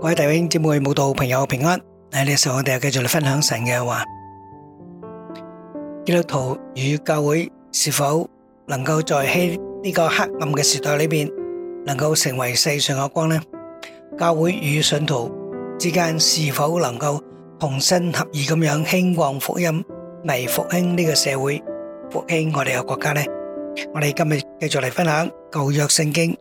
各位弟兄姊妹、慕道、朋友平安！喺呢個時候，我哋又繼續嚟分享神嘅話。基督徒與教會是否能夠在希呢個黑暗嘅時代裏邊，能夠成為世上嘅光呢？教會與信徒之間是否能夠同心合意咁樣興旺福音，嚟復興呢個社會、復興我哋嘅國家呢？我哋今日繼續嚟分享舊約聖經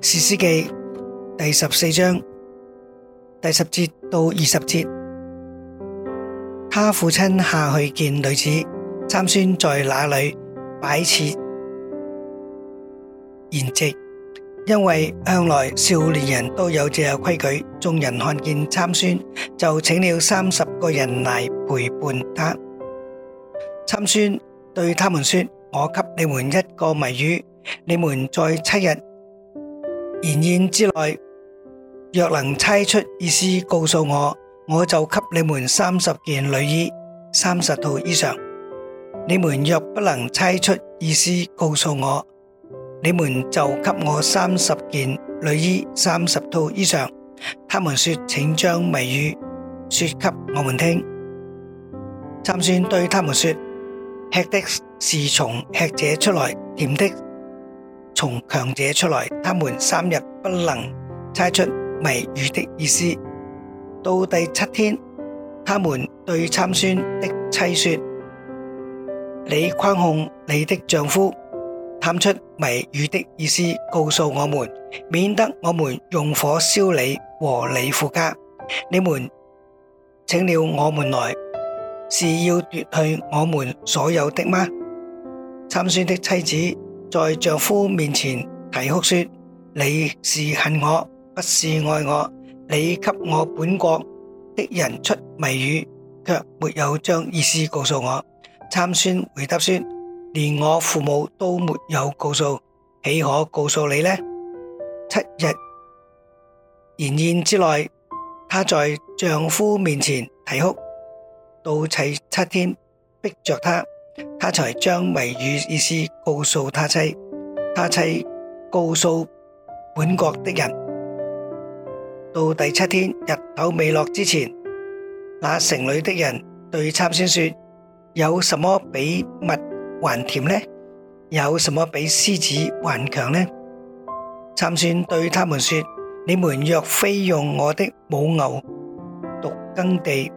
士師記。第十四章第十節到二十節，他父親下去見女子參孫在那裏擺設筵席。因為向來少年人都有這規矩，眾人看見參孫，就請了三十個人來陪伴他。參孫對他們說：我給你們一個謎語，你們在七日筵宴之內。若能猜出意思，告訴我，我就給你們三十件女衣，三十套衣裳。你們若不能猜出意思，告訴我，你們就給我三十件女衣，三十套衣裳。他們說，請將謎語說給我們聽。參孫對他們說：吃的是從吃者出來，甜的從強者出來。他們三日不能猜出。謎語的意思。到第七天，他們對參孫的妻說：你寬控你的丈夫，探出謎語的意思，告訴我們，免得我們用火燒你和你父家。你們請了我們來，是要奪去我們所有的嗎？參孫的妻子在丈夫面前啼哭說：你是恨我。不是愛我，你給我本國的人出謎語，却沒有將意思告訴我。參孫回答說：連我父母都沒有告訴，豈可告訴你呢？七日筵宴之內，她在丈夫面前啼哭，到齊七天，逼着她，她才將謎語意思告訴她妻。她妻告訴本國的人。到第七天日頭未落之前，那城裏的人對參孫說：有什麼比蜜還甜呢？有什麼比獅子還強呢？參孫對他們說：你們若非用我的母牛犢耕地，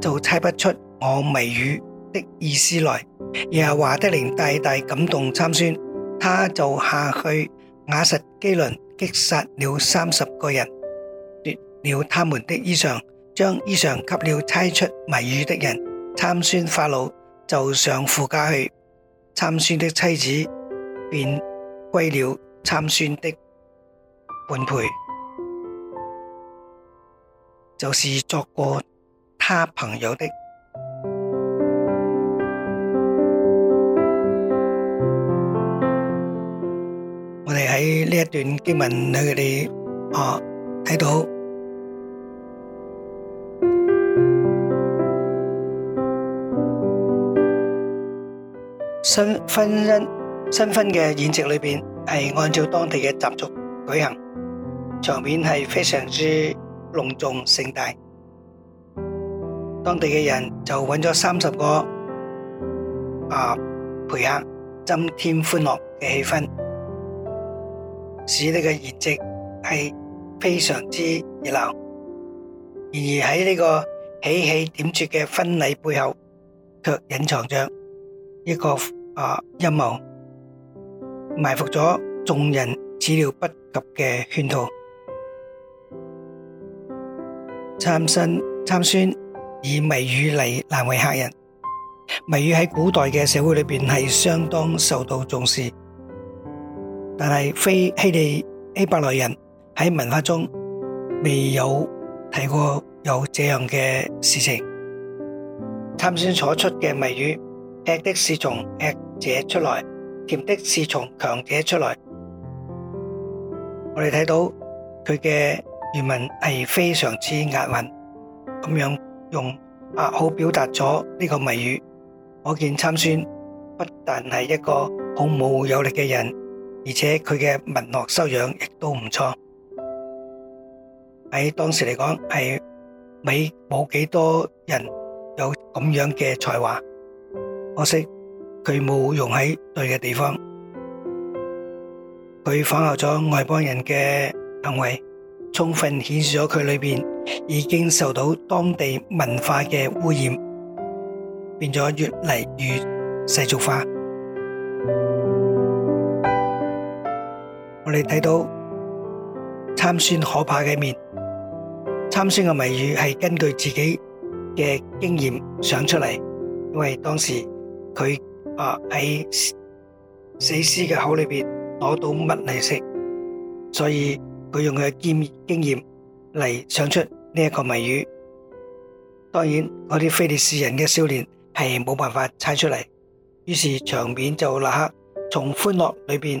就猜不出我謎語的意思來。耶和華的靈大大感動參孫，他就下去亞實基倫。擊殺了三十個人，奪了他們的衣裳，將衣裳給了猜出謎語的人。參孫發怒，就上父家去。參孫的妻子便歸了參孫的陪伴，就是作過他朋友的。呢一段經文，佢哋啊睇到新婚姻新婚嘅宴席裏面，係按照當地嘅習俗舉行，場面係非常之隆重盛大。當地嘅人就搵咗三十個啊陪客，增添歡樂嘅氣氛。使呢個筵席係非常之熱鬧，然而喺呢個喜氣點綴嘅婚禮背後，卻隱藏着一個啊陰謀，埋伏咗眾人始料不及嘅圈套，參身參孫以謎語嚟難為客人。謎語喺古代嘅社會裏邊係相當受到重視。但係非希地希伯來人喺文化中未有提過有這樣嘅事情。參孫所出嘅謎語，吃的是從吃者出來，甜的是從強者出來。我哋睇到佢嘅原文係非常之押韻，咁樣用押好表達咗呢個謎語。可見參孫不但係一個孔武有力嘅人。而且佢嘅文學修養亦都唔錯，喺當時嚟講係未冇幾多人有咁樣嘅才華。可惜佢冇用喺對嘅地方，佢仿效咗外邦人嘅行為，充分顯示咗佢裏面已經受到當地文化嘅污染，變咗越嚟越世俗化。我哋睇到參孫可怕嘅一面，參孫嘅謎語係根據自己嘅經驗想出嚟，因為當時佢啊喺死屍嘅口裏邊攞到乜嚟食，所以佢用佢嘅經經驗嚟想出呢一個謎語。當然，嗰啲非利士人嘅少年係冇辦法猜出嚟，於是場面就立刻從歡樂裏邊。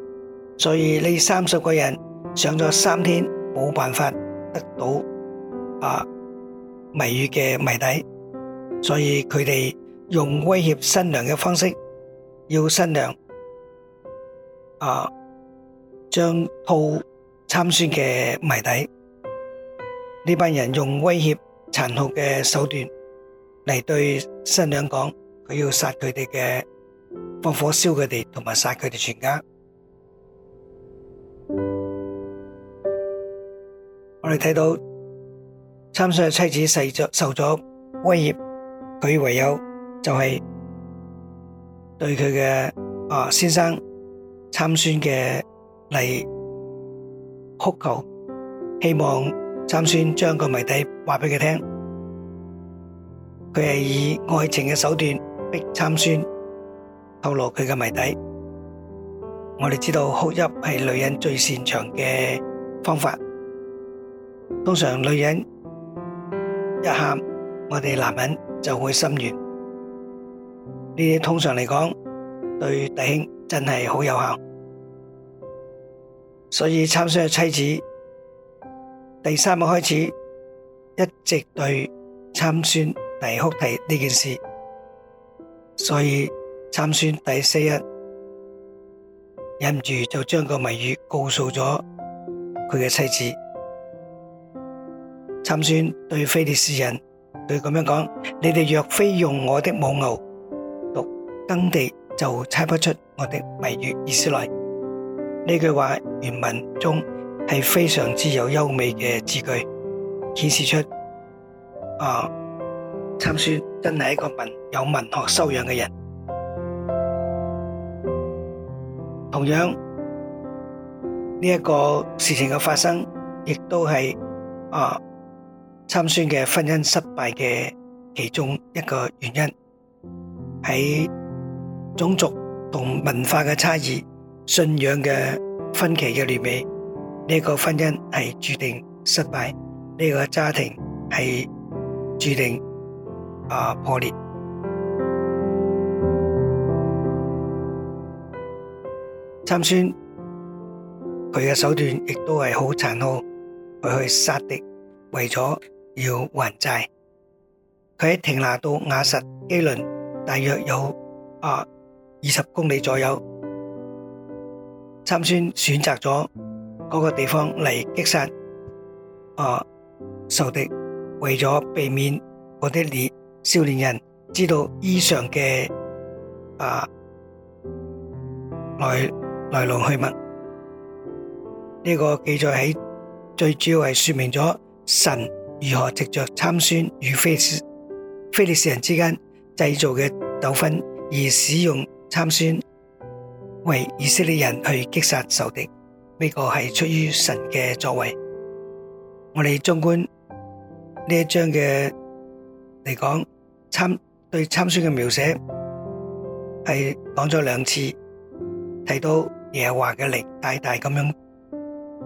所以呢三十個人上咗三天，冇辦法得到啊謎語嘅謎底，所以佢哋用威脅新娘嘅方式，要新娘啊將套參選嘅謎底。呢班人用威脅殘酷嘅手段嚟對新娘講，佢要殺佢哋嘅，放火燒佢哋，同埋殺佢哋全家。我哋睇到參孫嘅妻子受受咗威脅，佢唯有就係對佢嘅啊先生參孫嘅嚟哭求，希望參孫將個謎底話俾佢聽。佢係以愛情嘅手段逼參孫透露佢嘅謎底。我哋知道哭泣係女人最擅長嘅方法，通常女人一喊，我哋男人就會心軟。呢啲通常嚟講對弟兄真係好有效，所以參孫嘅妻子第三日開始一直對參孫提哭提呢件事，所以參孫第四日。忍唔住就將個謎語告訴咗佢嘅妻子，參孫對非利士人，佢咁樣講：你哋若非用我的母牛犢耕地，就猜不出我的謎語意思來。呢句話原文中係非常之有優美嘅字句，顯示出啊參孫真係一個文有文學修養嘅人。同樣呢一、這個事情嘅發生，亦都係啊參孫嘅婚姻失敗嘅其中一個原因，喺種族同文化嘅差異、信仰嘅分歧嘅裏邊，呢、這個婚姻係注定失敗，呢、這個家庭係注定啊破裂。參孫佢嘅手段亦都係好殘酷，佢去殺敵為咗要還債。佢喺亭拿到亞實基倫，大約有啊二十公里左右。參孫選擇咗嗰個地方嚟擊殺啊仇敵，為咗避免嗰啲年少年人知道以上嘅啊來。來龍去脈，這個記載喺最主要是說明了神如何藉着參孫與非利士人之間製造的糾紛，而使用參孫為以色列人去擊殺仇敵。呢、這個是出於神的作為。我們縱觀這一章嘅嚟講參對參孫的描寫是講了兩次，提到。耶華嘅力大大咁樣誒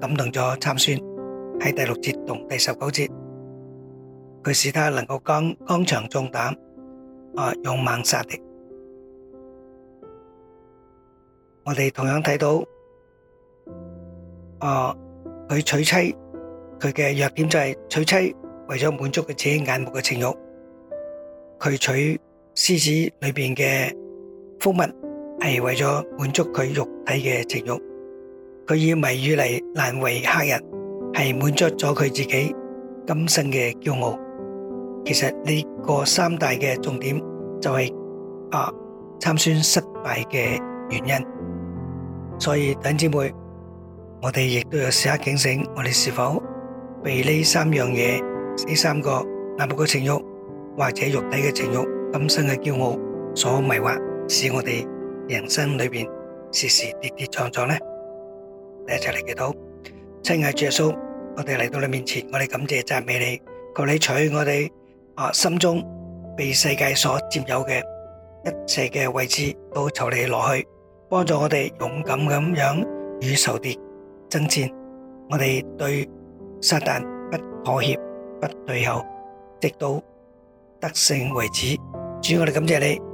感動咗參孫喺第六節同第十九節，佢使他能夠剛剛強壯膽，啊勇猛殺敵。我哋同樣睇到啊佢娶妻，佢嘅弱點就係娶妻為咗滿足佢自己眼目嘅情欲，佢取獅子裏邊嘅蜂蜜。係為咗滿足佢肉體嘅情欲，佢以謎語嚟難為客人，係滿足咗佢自己今生嘅驕傲。其實呢個三大嘅重點就係啊參孫失敗嘅原因。所以弟兄姊妹，我哋亦都有時刻警醒，我哋是否被呢三樣嘢，呢三個難駁嘅情欲，或者肉體嘅情欲、今生嘅驕傲所迷惑，使我哋。人生裏邊時時跌跌撞撞咧，一齊嚟祈禱，親愛的主耶穌，我哋嚟到你面前，我哋感謝讚美你，求你取我哋啊心中被世界所佔有嘅一切嘅位置，都求你仇敵落去，幫助我哋勇敢咁樣與仇敵爭戰，我哋對撒但不妥協，不退後，直到得勝為止。主，我哋感謝你。